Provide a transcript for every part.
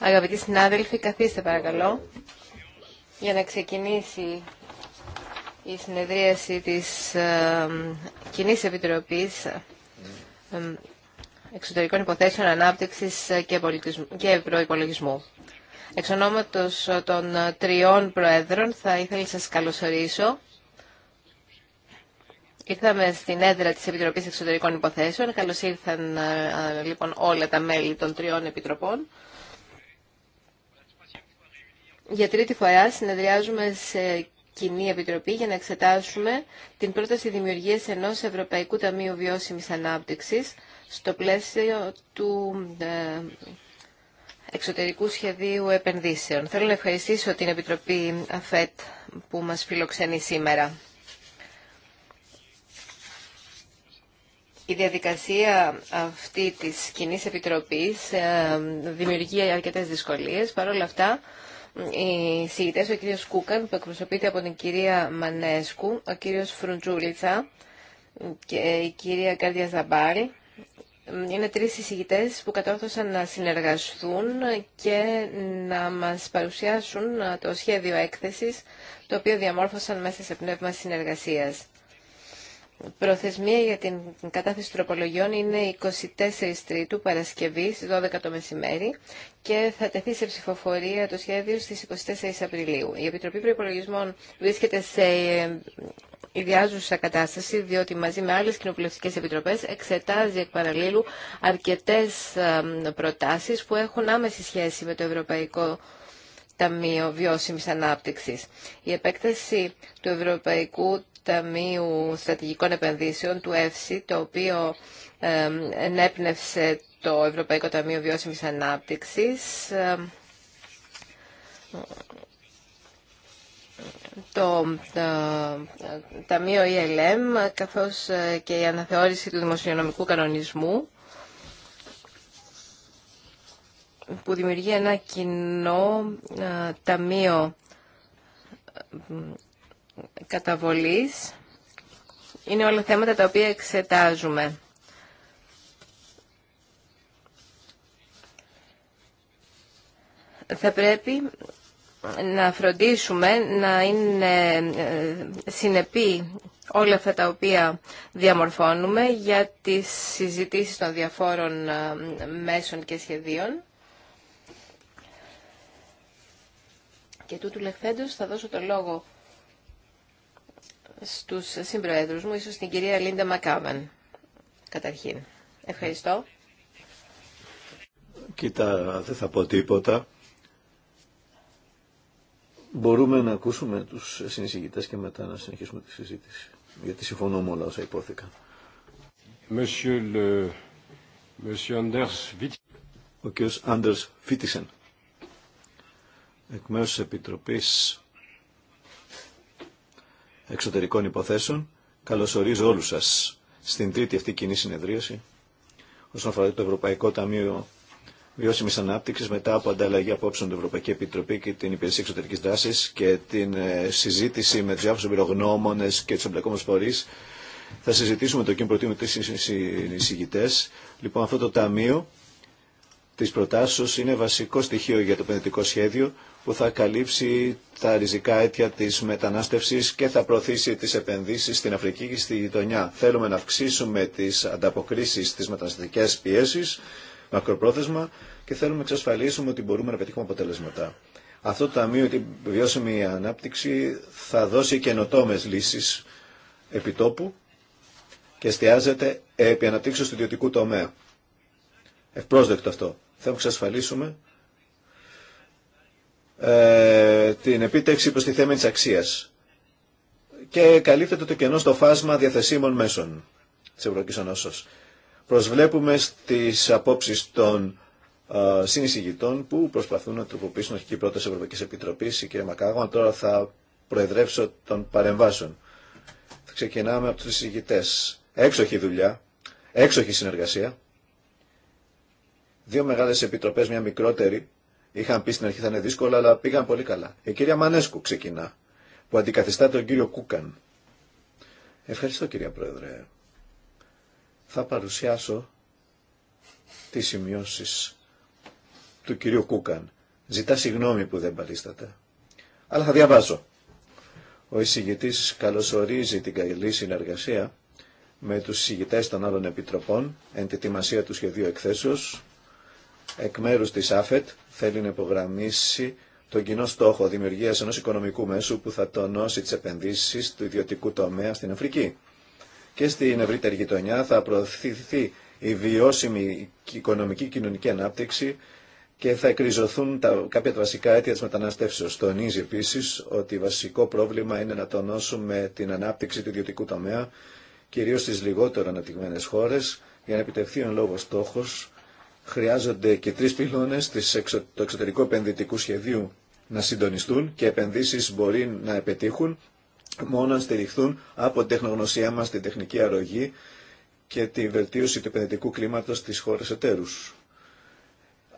Αγαπητοί συνάδελφοι, καθίστε παρακαλώ για να ξεκινήσει η συνεδρίαση της ε, επιτροπή Επιτροπής Εξωτερικών Υποθέσεων Ανάπτυξης και, και Προϋπολογισμού. Εξ ονόματος των τριών Προέδρων θα ήθελα να σας καλωσορίσω Ήρθαμε στην έδρα της Επιτροπής Εξωτερικών Υποθέσεων. Καλώς ήρθαν ε, ε, λοιπόν όλα τα μέλη των τριών επιτροπών. Για τρίτη φορά συνεδριάζουμε σε κοινή επιτροπή για να εξετάσουμε την πρόταση δημιουργίας ενός Ευρωπαϊκού Ταμείου Βιώσιμης Ανάπτυξης στο πλαίσιο του ε, εξωτερικού σχεδίου επενδύσεων. Θέλω να ευχαριστήσω την Επιτροπή ΑΦΕΤ που μας φιλοξενεί σήμερα. Η διαδικασία αυτή της κοινή επιτροπής ε, δημιουργεί αρκετές δυσκολίες. Παρ' όλα αυτά, οι συγητές, ο κ. Κούκαν που εκπροσωπείται από την κυρία Μανέσκου, ο κύριος Φρουντζούλιτσα και η κυρία Κάρδια Ζαμπάρη, είναι τρεις συγητές που κατόρθωσαν να συνεργαστούν και να μας παρουσιάσουν το σχέδιο έκθεσης, το οποίο διαμόρφωσαν μέσα σε πνεύμα συνεργασίας. Προθεσμία για την κατάθεση τροπολογιών είναι 24 Τρίτου Παρασκευή στι 12 το μεσημέρι και θα τεθεί σε ψηφοφορία το σχέδιο στι 24 Απριλίου. Η Επιτροπή προπολογισμών βρίσκεται σε ε, ιδιάζουσα κατάσταση διότι μαζί με άλλε κοινοβουλευτικέ επιτροπέ εξετάζει εκ παραλίλου αρκετές ε, προτάσει που έχουν άμεση σχέση με το Ευρωπαϊκό Ταμείο Βιώσιμης Ανάπτυξης. Η επέκταση του Ευρωπαϊκού Ταμείου Στρατηγικών Επενδύσεων, του ΕΦΣΥ το οποίο ενέπνευσε το Ευρωπαϊκό Ταμείο Βιώσιμης Ανάπτυξης. Το, το Ταμείο ELM, καθώς ε, και η αναθεώρηση του δημοσιονομικού κανονισμού, που δημιουργεί ένα κοινό ε, ταμείο καταβολής είναι όλα θέματα τα οποία εξετάζουμε. Θα πρέπει να φροντίσουμε να είναι ε, συνεπή όλα αυτά τα οποία διαμορφώνουμε για τις συζητήσεις των διαφόρων ε, μέσων και σχεδίων. Και τούτου λεχθέντος θα δώσω το λόγο στους συμπροέδρους μου, ίσως την κυρία Λίντα Μακάβαν, καταρχήν. Ευχαριστώ. Κοίτα, δεν θα πω τίποτα. Μπορούμε να ακούσουμε τους συνεισηγητές και μετά να συνεχίσουμε τη συζήτηση. Γιατί συμφωνώ με όλα όσα υπόθηκαν. Ο κ. Άντερς Φίτισεν, εκ μέρους της Επιτροπής Εξωτερικών Υποθέσεων. Καλωσορίζω όλους σας στην τρίτη αυτή κοινή συνεδρίαση όσον αφορά το Ευρωπαϊκό Ταμείο Βιώσιμη Ανάπτυξη μετά από ανταλλαγή απόψεων του Ευρωπαϊκή Επιτροπή και την Υπηρεσία Εξωτερική Δράση και την ε, συζήτηση με του διάφορου εμπειρογνώμονε και του εμπλεκόμενου φορεί. Θα συζητήσουμε το κοινό προτείνουμε τρει εισηγητέ. Λοιπόν, αυτό το ταμείο τη προτάσεω είναι βασικό στοιχείο για το πενετικό σχέδιο που θα καλύψει τα ριζικά αίτια τη μετανάστευση και θα προωθήσει τι επενδύσει στην Αφρική και στη γειτονιά. Θέλουμε να αυξήσουμε τι ανταποκρίσει στι μεταναστευτικέ πιέσει, μακροπρόθεσμα και θέλουμε να εξασφαλίσουμε ότι μπορούμε να πετύχουμε αποτελέσματα. Αυτό το Ταμείο για την Βιώσιμη Ανάπτυξη θα δώσει καινοτόμε λύσεις επιτόπου και εστιάζεται επί αναπτύξεω του ιδιωτικού τομέα. Ευπρόσδεκτο αυτό. να εξασφαλίσουμε ε, την επίτευξη της αξίας και καλύπτεται το κενό στο φάσμα διαθεσίμων μέσων της Ευρωπαϊκής Ενώσεως. Προσβλέπουμε στις απόψεις των ε, συνεισηγητών που προσπαθούν να τροποποιήσουν αρχική πρόταση Ευρωπαϊκής Επιτροπής. Η κυρία Μακάγωνα τώρα θα προεδρεύσω των παρεμβάσεων. Θα ξεκινάμε από τους συνεισηγητές. Έξοχη δουλειά, έξοχη συνεργασία. Δύο μεγάλες επιτροπές, μια μικρότερη, Είχαν πει στην αρχή θα είναι δύσκολα, αλλά πήγαν πολύ καλά. Η κυρία Μανέσκου ξεκινά, που αντικαθιστά τον κύριο Κούκαν. Ευχαριστώ κυρία Πρόεδρε. Θα παρουσιάσω τις σημειώσεις του κυρίου Κούκαν. Ζητά συγγνώμη που δεν παρίσταται. Αλλά θα διαβάσω. Ο εισηγητής καλωσορίζει την καλή συνεργασία με τους εισηγητές των άλλων επιτροπών εν του σχεδίου εκθέσεως εκ μέρους της ΑΦΕΤ θέλει να υπογραμμίσει τον κοινό στόχο δημιουργία ενό οικονομικού μέσου που θα τονώσει τι επενδύσει του ιδιωτικού τομέα στην Αφρική. Και στην ευρύτερη γειτονιά θα προωθηθεί η βιώσιμη οικονομική και κοινωνική ανάπτυξη και θα εκριζωθούν τα, κάποια τα βασικά αίτια τη μεταναστεύσεω. Τονίζει επίση ότι βασικό πρόβλημα είναι να τονώσουμε την ανάπτυξη του ιδιωτικού τομέα, κυρίω στι λιγότερο αναπτυγμένε χώρε, για να επιτευχθεί ο λόγο στόχο χρειάζονται και τρεις πυλώνες του εξωτερικού επενδυτικού σχεδίου να συντονιστούν και επενδύσεις μπορεί να επιτύχουν μόνο αν στηριχθούν από την τεχνογνωσία μας, την τεχνική αρρωγή και τη βελτίωση του επενδυτικού κλίματος της χώρας εταίρους.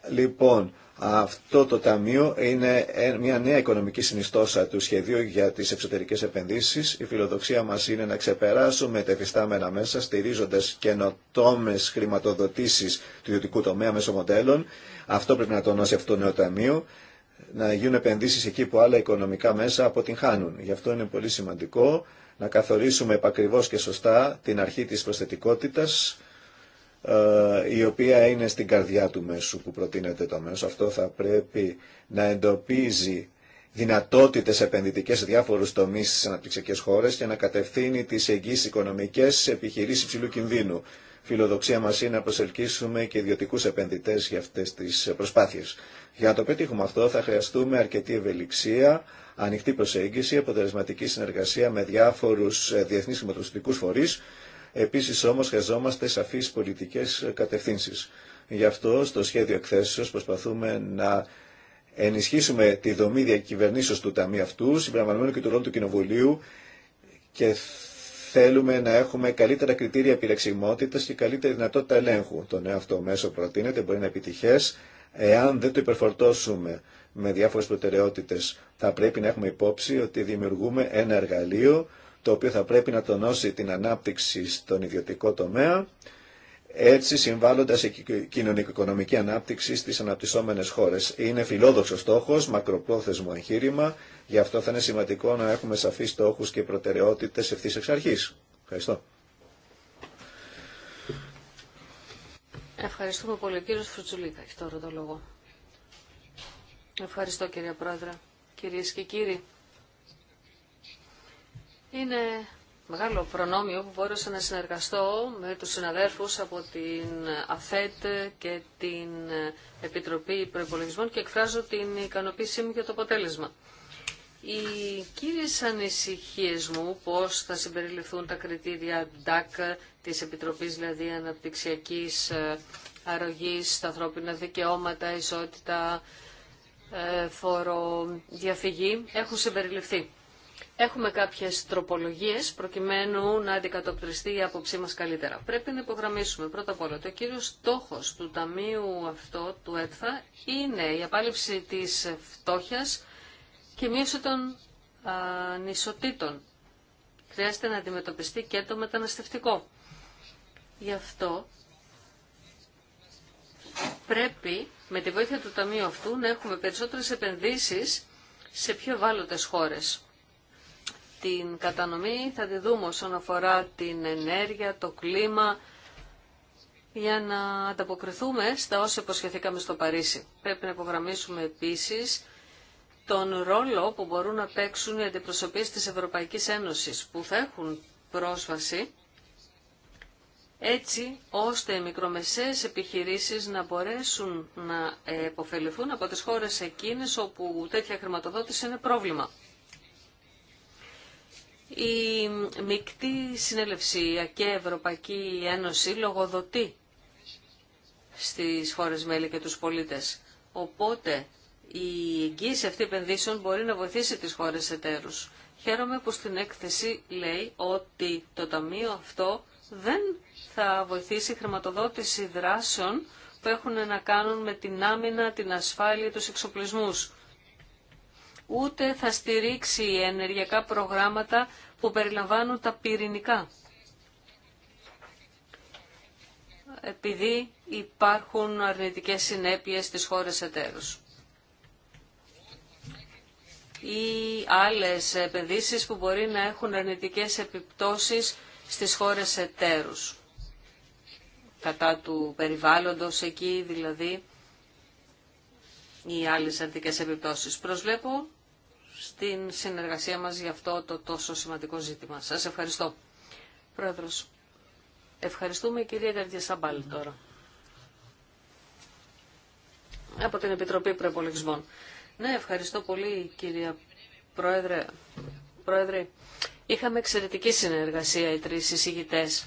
Λοιπόν, αυτό το ταμείο είναι μια νέα οικονομική συνιστόσα του σχεδίου για τις εξωτερικές επενδύσεις. Η φιλοδοξία μας είναι να ξεπεράσουμε τα εφιστάμενα μέσα, στηρίζοντα καινοτόμε χρηματοδοτήσεις του ιδιωτικού τομέα μέσω μοντέλων. Αυτό πρέπει να τονώσει αυτό το νέο ταμείο να γίνουν επενδύσεις εκεί που άλλα οικονομικά μέσα αποτυγχάνουν. Γι' αυτό είναι πολύ σημαντικό να καθορίσουμε επακριβώ και σωστά την αρχή τη προσθετικότητα. Ε, η οποία είναι στην καρδιά του μέσου που προτείνεται το μέσο. Αυτό θα πρέπει να εντοπίζει δυνατότητες επενδυτικές σε διάφορους τομείς στις αναπτυξιακές χώρες και να κατευθύνει τις εγγύσεις οικονομικές σε επιχειρήσεις υψηλού κινδύνου. Φιλοδοξία μας είναι να προσελκύσουμε και ιδιωτικούς επενδυτές για αυτές τις προσπάθειες. Για να το πετύχουμε αυτό θα χρειαστούμε αρκετή ευελιξία, ανοιχτή προσέγγιση, αποτελεσματική συνεργασία με διάφορους ε, διεθνείς χρηματοδοτικούς φορείς Επίσης όμως χρειαζόμαστε σαφείς πολιτικές κατευθύνσεις. Γι' αυτό στο σχέδιο εκθέσεως προσπαθούμε να ενισχύσουμε τη δομή διακυβερνήσεως του Ταμείου αυτού, συμπεριλαμβανομένου και του ρόλου του Κοινοβουλίου και θέλουμε να έχουμε καλύτερα κριτήρια επιλεξιμότητα και καλύτερη δυνατότητα ελέγχου. Το νέο αυτό μέσο προτείνεται, μπορεί να είναι επιτυχέ, εάν δεν το υπερφορτώσουμε με διάφορε προτεραιότητε. Θα πρέπει να έχουμε υπόψη ότι δημιουργούμε ένα εργαλείο το οποίο θα πρέπει να τονώσει την ανάπτυξη στον ιδιωτικό τομέα, έτσι συμβάλλοντας η κοινωνικο-οικονομική ανάπτυξη στι αναπτυσσόμενες χώρες. Είναι φιλόδοξο στόχος, μακροπρόθεσμο εγχείρημα, γι' αυτό θα είναι σημαντικό να έχουμε σαφείς στόχου και προτεραιότητες ευθύ εξ αρχής. Ευχαριστώ. Ευχαριστούμε πολύ. Ο Φρουτσουλίκα έχει τώρα το λόγο. Ευχαριστώ κύριε Πρόεδρε. κυρίε και κύριοι. Είναι μεγάλο προνόμιο που μπόρεσα να συνεργαστώ με τους συναδέρφους από την ΑΦΕΤ και την Επιτροπή Προπολογισμών και εκφράζω την ικανοποίησή μου για το αποτέλεσμα. Οι κύριες ανησυχίες μου, πώς θα συμπεριληφθούν τα κριτήρια DAC, της Επιτροπής δηλαδή Αναπτυξιακής ε, Αρρωγής, τα ανθρώπινα δικαιώματα, ισότητα, ε, φοροδιαφυγή, έχουν συμπεριληφθεί. Έχουμε κάποιες τροπολογίες προκειμένου να αντικατοπτριστεί η άποψή μα καλύτερα. Πρέπει να υπογραμμίσουμε πρώτα απ' όλα ότι ο κύριος στόχος του Ταμείου αυτό, του ΕΤΘΑ, είναι η απάλληψη της φτώχειας και μείωση των ανισοτήτων. Χρειάζεται να αντιμετωπιστεί και το μεταναστευτικό. Γι' αυτό πρέπει με τη βοήθεια του Ταμείου αυτού να έχουμε περισσότερες επενδύσεις σε πιο ευάλωτε χώρες την κατανομή θα τη δούμε όσον αφορά την ενέργεια, το κλίμα, για να ανταποκριθούμε στα όσα υποσχεθήκαμε στο Παρίσι. Πρέπει να υπογραμμίσουμε επίσης τον ρόλο που μπορούν να παίξουν οι αντιπροσωπείς της Ευρωπαϊκής Ένωσης, που θα έχουν πρόσβαση έτσι ώστε οι μικρομεσαίες επιχειρήσεις να μπορέσουν να επωφεληθούν από τις χώρες εκείνες όπου τέτοια χρηματοδότηση είναι πρόβλημα. Η μεικτή συνελευσία και Ευρωπαϊκή Ένωση λογοδοτεί στις χώρες μέλη και τους πολίτες. Οπότε η εγγύηση αυτή επενδύσεων μπορεί να βοηθήσει τις χώρες εταίρους. Χαίρομαι που στην έκθεση λέει ότι το Ταμείο αυτό δεν θα βοηθήσει χρηματοδότηση δράσεων που έχουν να κάνουν με την άμυνα, την ασφάλεια, τους εξοπλισμούς ούτε θα στηρίξει ενεργειακά προγράμματα που περιλαμβάνουν τα πυρηνικά. Επειδή υπάρχουν αρνητικές συνέπειες στις χώρες εταίρους. Ή άλλες επενδύσεις που μπορεί να έχουν αρνητικές επιπτώσεις στις χώρες εταίρους. Κατά του περιβάλλοντος εκεί δηλαδή ή άλλες αρνητικές επιπτώσεις. Προσβλέπω στην συνεργασία μας για αυτό το τόσο σημαντικό ζήτημα. Σας ευχαριστώ. Πρόεδρος, ευχαριστούμε κυρία Καρδιά τώρα. Από την Επιτροπή Προπολογισμών. Ναι, ευχαριστώ πολύ κυρία Πρόεδρε. Πρόεδρε, είχαμε εξαιρετική συνεργασία οι τρεις συζητητές.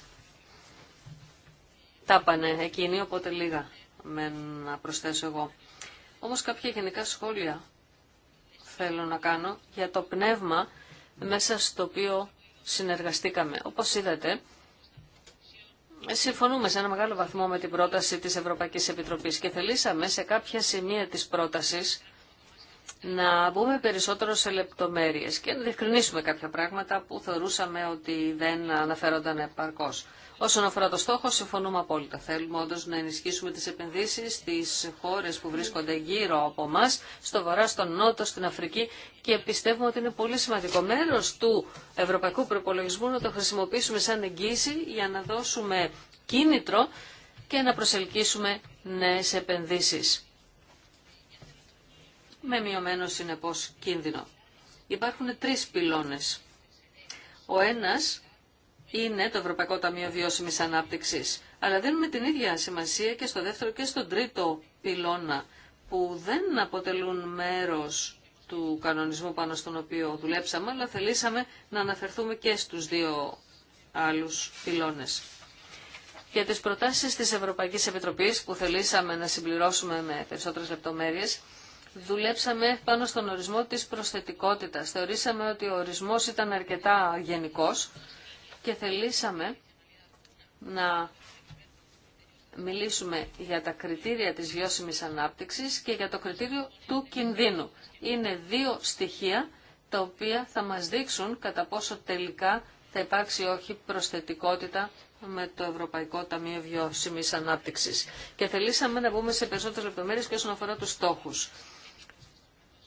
Τα πάνε εκείνοι, οπότε λίγα με να προσθέσω εγώ. Όμως κάποια γενικά σχόλια θέλω να κάνω για το πνεύμα μέσα στο οποίο συνεργαστήκαμε. Όπως είδατε, συμφωνούμε σε ένα μεγάλο βαθμό με την πρόταση της Ευρωπαϊκής Επιτροπής και θελήσαμε σε κάποια σημεία της πρότασης να μπούμε περισσότερο σε λεπτομέρειες και να διευκρινίσουμε κάποια πράγματα που θεωρούσαμε ότι δεν αναφέρονταν επαρκώς. Όσον αφορά το στόχο, συμφωνούμε απόλυτα. Θέλουμε όντω να ενισχύσουμε τι επενδύσει στι χώρε που βρίσκονται γύρω από εμά, στο βορρά, στον νότο, στην Αφρική και πιστεύουμε ότι είναι πολύ σημαντικό μέρο του ευρωπαϊκού προπολογισμού να το χρησιμοποιήσουμε σαν εγγύηση για να δώσουμε κίνητρο και να προσελκύσουμε νέε επενδύσει. Με μειωμένο συνεπώ κίνδυνο. Υπάρχουν τρει πυλώνε. Ο ένας είναι το Ευρωπαϊκό Ταμείο Βιώσιμη ανάπτυξη. Αλλά δίνουμε την ίδια σημασία και στο δεύτερο και στον τρίτο πυλώνα που δεν αποτελούν μέρος του κανονισμού πάνω στον οποίο δουλέψαμε, αλλά θελήσαμε να αναφερθούμε και στους δύο άλλους πυλώνες. Για τις προτάσεις της Ευρωπαϊκής Επιτροπής που θελήσαμε να συμπληρώσουμε με περισσότερες λεπτομέρειες, δουλέψαμε πάνω στον ορισμό της προσθετικότητας. Θεωρήσαμε ότι ο ορισμός ήταν αρκετά γενικός και θελήσαμε να μιλήσουμε για τα κριτήρια της βιώσιμης ανάπτυξης και για το κριτήριο του κινδύνου. Είναι δύο στοιχεία τα οποία θα μας δείξουν κατά πόσο τελικά θα υπάρξει όχι προσθετικότητα με το Ευρωπαϊκό Ταμείο Βιώσιμης Ανάπτυξης. Και θελήσαμε να μπούμε σε περισσότερες λεπτομέρειες και όσον αφορά τους στόχους,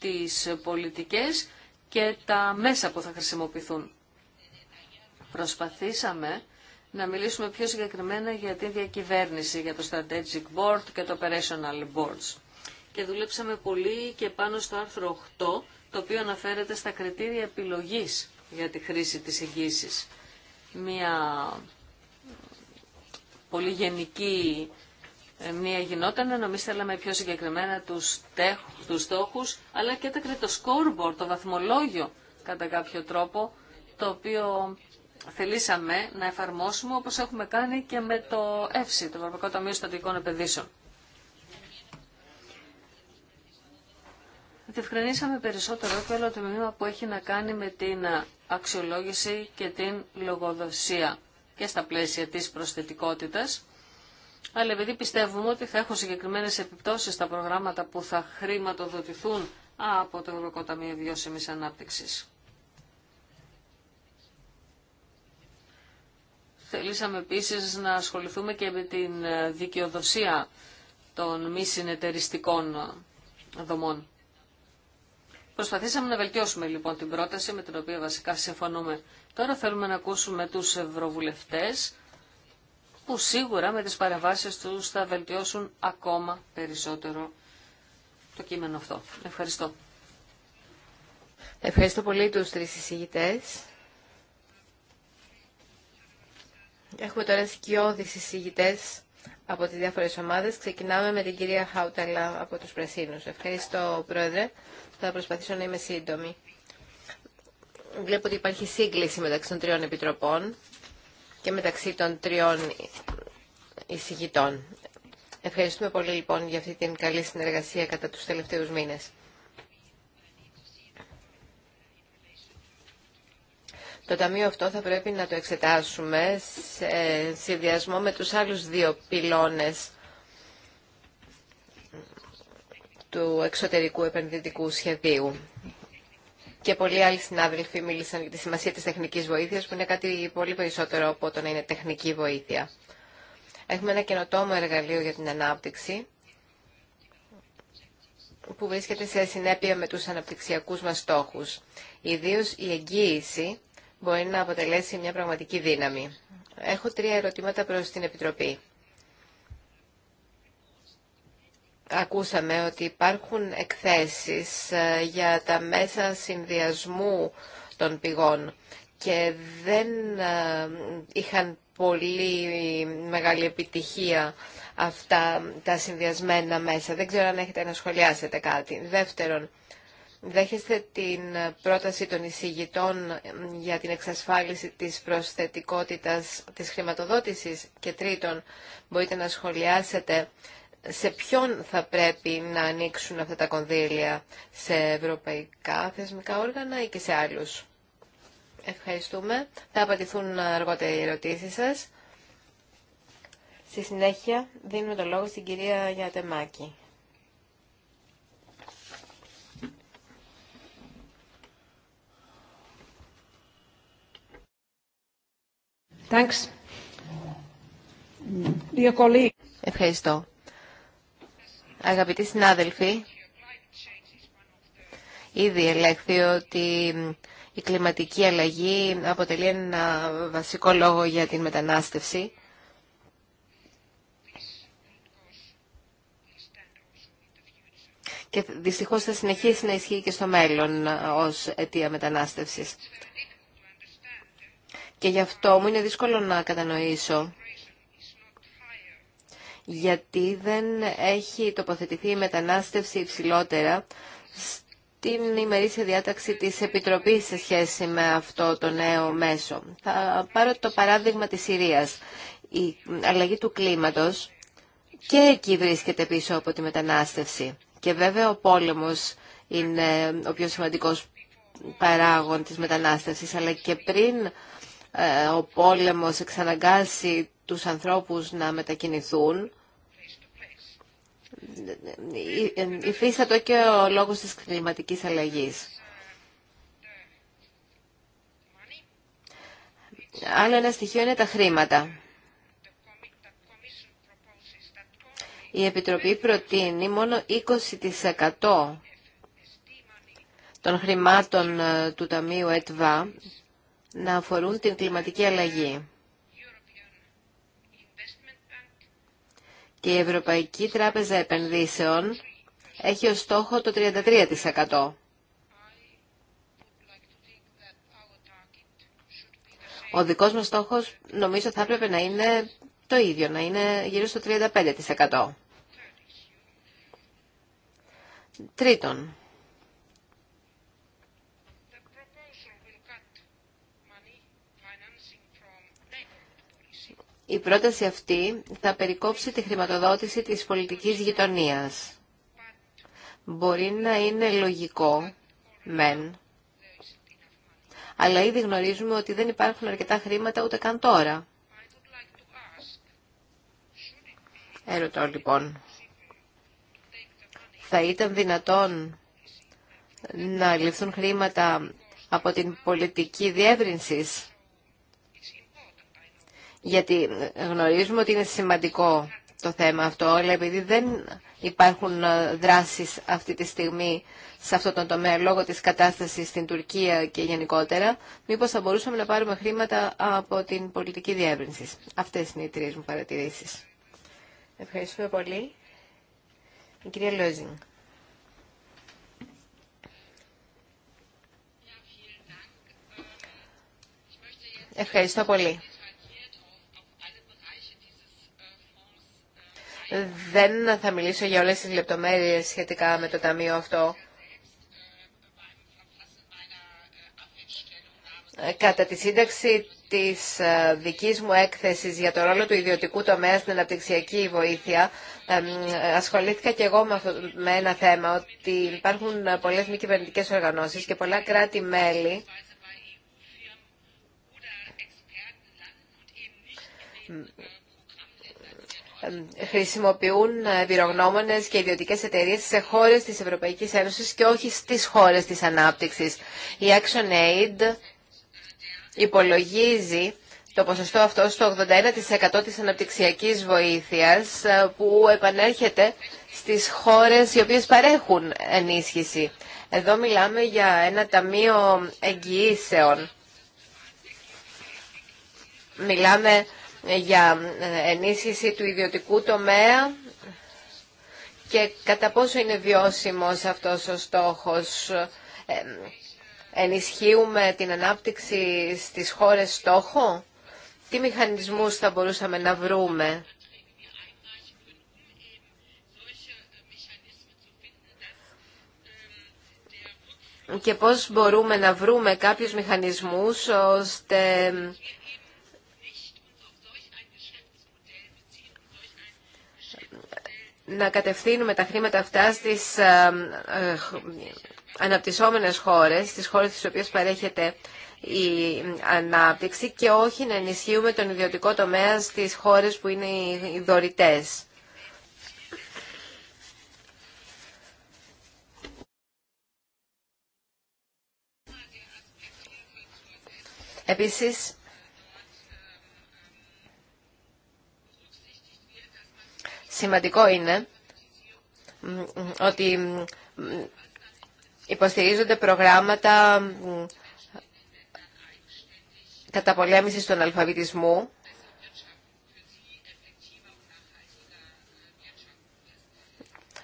τις πολιτικές και τα μέσα που θα χρησιμοποιηθούν. Προσπαθήσαμε να μιλήσουμε πιο συγκεκριμένα για τη διακυβέρνηση, για το Strategic Board και το Operational Boards. Και δουλέψαμε πολύ και πάνω στο άρθρο 8, το οποίο αναφέρεται στα κριτήρια επιλογής για τη χρήση της εγγύησης. Μια πολύ γενική ε, μία γινόταν, νομίζω, θέλαμε πιο συγκεκριμένα τους, τέχ, τους στόχους, αλλά και τα scoreboard, το βαθμολόγιο κατά κάποιο τρόπο, το οποίο θελήσαμε να εφαρμόσουμε όπως έχουμε κάνει και με το ΕΦΣΙ, το Ευρωπαϊκό Ταμείο Στατικών Επενδύσεων. Διευκρινίσαμε περισσότερο και όλο το μήνυμα που έχει να κάνει με την αξιολόγηση και την λογοδοσία και στα πλαίσια της προσθετικότητας. Αλλά επειδή πιστεύουμε ότι θα έχουν συγκεκριμένες επιπτώσεις στα προγράμματα που θα χρηματοδοτηθούν από το Ευρωπαϊκό Ταμείο Βιώσιμης Ανάπτυξης. Θελήσαμε επίσης να ασχοληθούμε και με την ε, δικαιοδοσία των μη συνεταιριστικών ε, δομών. Προσπαθήσαμε να βελτιώσουμε λοιπόν την πρόταση με την οποία βασικά συμφωνούμε. Τώρα θέλουμε να ακούσουμε τους ευρωβουλευτές που σίγουρα με τις παρεμβάσεις τους θα βελτιώσουν ακόμα περισσότερο το κείμενο αυτό. Ευχαριστώ. Ευχαριστώ πολύ τους τρεις συζητητές. Έχουμε τώρα σκιώδεις εισηγητές από τις διάφορες ομάδες. Ξεκινάμε με την κυρία Χάουταλα από τους Πρασίνους. Ευχαριστώ, Πρόεδρε. Θα προσπαθήσω να είμαι σύντομη. Βλέπω ότι υπάρχει σύγκληση μεταξύ των τριών επιτροπών και μεταξύ των τριών εισηγητών. Ευχαριστούμε πολύ λοιπόν για αυτή την καλή συνεργασία κατά τους τελευταίους μήνες. Το Ταμείο αυτό θα πρέπει να το εξετάσουμε σε συνδυασμό με τους άλλους δύο πυλώνες του εξωτερικού επενδυτικού σχεδίου. Και πολλοί άλλοι συνάδελφοι μίλησαν για τη σημασία της τεχνικής βοήθειας, που είναι κάτι πολύ περισσότερο από το να είναι τεχνική βοήθεια. Έχουμε ένα καινοτόμο εργαλείο για την ανάπτυξη, που βρίσκεται σε συνέπεια με τους αναπτυξιακούς μας στόχους. Ιδίως η εγγύηση μπορεί να αποτελέσει μια πραγματική δύναμη. Έχω τρία ερωτήματα προς την Επιτροπή. Ακούσαμε ότι υπάρχουν εκθέσεις ε, για τα μέσα συνδυασμού των πηγών και δεν ε, είχαν πολύ μεγάλη επιτυχία αυτά τα συνδυασμένα μέσα. Δεν ξέρω αν έχετε να σχολιάσετε κάτι. Δεύτερον, Δέχεστε την πρόταση των εισηγητών για την εξασφάλιση της προσθετικότητας της χρηματοδότησης και τρίτον μπορείτε να σχολιάσετε σε ποιον θα πρέπει να ανοίξουν αυτά τα κονδύλια σε ευρωπαϊκά θεσμικά όργανα ή και σε άλλους. Ευχαριστούμε. Θα απαντηθούν αργότερα οι ερωτήσεις σας. Στη συνέχεια δίνουμε το λόγο στην κυρία Γιατεμάκη. Ευχαριστώ. Αγαπητοί συνάδελφοι, ήδη ελέγχθη ότι η κλιματική αλλαγή αποτελεί ένα βασικό λόγο για την μετανάστευση. Και δυστυχώς θα συνεχίσει να ισχύει και στο μέλλον ως αιτία μετανάστευσης και γι' αυτό μου είναι δύσκολο να κατανοήσω γιατί δεν έχει τοποθετηθεί η μετανάστευση υψηλότερα στην ημερήσια διάταξη της Επιτροπής σε σχέση με αυτό το νέο μέσο. Θα πάρω το παράδειγμα της Συρίας. Η αλλαγή του κλίματος και εκεί βρίσκεται πίσω από τη μετανάστευση. Και βέβαια ο πόλεμος είναι ο πιο σημαντικός παράγων της μετανάστευσης, αλλά και πριν ε, ο πόλεμος εξαναγκάσει τους ανθρώπους να μετακινηθούν. Υφίστατο και ο λόγος της κλιματικής αλλαγής. Άλλο ένα στοιχείο είναι τα χρήματα. Η Επιτροπή προτείνει μόνο 20% των χρημάτων ε, του Ταμείου ΕΤΒΑ να αφορούν την κλιματική αλλαγή. Και η Ευρωπαϊκή Τράπεζα Επενδύσεων έχει ως στόχο το 33%. Ο δικός μας στόχος νομίζω θα έπρεπε να είναι το ίδιο, να είναι γύρω στο 35%. Τρίτον, Η πρόταση αυτή θα περικόψει τη χρηματοδότηση της πολιτικής γειτονίας. Μπορεί να είναι λογικό, μεν, αλλά ήδη γνωρίζουμε ότι δεν υπάρχουν αρκετά χρήματα ούτε καν τώρα. Ερωτώ λοιπόν, θα ήταν δυνατόν να ληφθούν χρήματα από την πολιτική διεύρυνσης γιατί γνωρίζουμε ότι είναι σημαντικό το θέμα αυτό, αλλά επειδή δεν υπάρχουν ε, δράσεις αυτή τη στιγμή σε αυτό τον τομέα λόγω της κατάστασης στην Τουρκία και γενικότερα, μήπως θα μπορούσαμε να πάρουμε χρήματα από την πολιτική διεύρυνση. Αυτές είναι οι τρεις μου παρατηρήσεις. Ευχαριστούμε πολύ. Η κυρία Λόζινγκ. Ευχαριστώ πολύ. Δεν θα μιλήσω για όλες τις λεπτομέρειες σχετικά με το Ταμείο αυτό. Κατά τη σύνταξη της ε, δικής μου έκθεσης για το ρόλο του ιδιωτικού τομέα στην αναπτυξιακή βοήθεια ασχολήθηκα και εγώ με, ένα θέμα ότι υπάρχουν πολλές μη κυβερνητικέ οργανώσεις και πολλά κράτη-μέλη χρησιμοποιούν ε, πυρογνώμονες και ιδιωτικές εταιρείες σε χώρες της Ευρωπαϊκής Ένωσης και όχι στις χώρες της ανάπτυξης. Η ActionAid υπολογίζει το ποσοστό αυτό στο 81% της αναπτυξιακής βοήθειας ε, που επανέρχεται στις χώρες οι οποίες παρέχουν ενίσχυση. Εδώ μιλάμε για ένα ταμείο εγγυήσεων. Μιλάμε για ε, ενίσχυση του ιδιωτικού τομέα και κατά πόσο είναι βιώσιμος αυτός ο στόχος. Ε, ενισχύουμε την ανάπτυξη στις χώρες στόχο. Τι μηχανισμούς θα μπορούσαμε να βρούμε. Και πώς μπορούμε να βρούμε κάποιους μηχανισμούς ώστε να κατευθύνουμε τα χρήματα αυτά στις ε, ε, αναπτυσσόμενες χώρες, στις χώρες στις οποίες παρέχεται η ανάπτυξη και όχι να ενισχύουμε τον ιδιωτικό τομέα στις χώρες που είναι οι δωρητές. Επίσης, Σημαντικό είναι ότι υποστηρίζονται προγράμματα καταπολέμησης του αλφαβητισμού,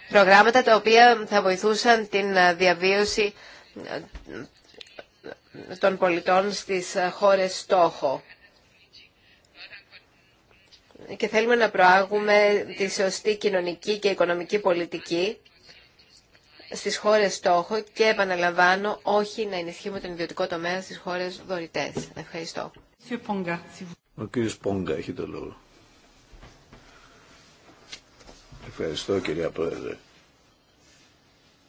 προγράμματα τα οποία θα βοηθούσαν την ε, διαβίωση ε, των πολιτών στις ε, χώρες στόχο και θέλουμε να προάγουμε τη σωστή κοινωνική και οικονομική πολιτική στις χώρες στόχο και επαναλαμβάνω όχι να ενισχύουμε τον ιδιωτικό τομέα στις χώρες δωρητές. Ευχαριστώ. Ο κύριος Πόγκα έχει το λόγο. Ευχαριστώ κυρία Πρόεδρε.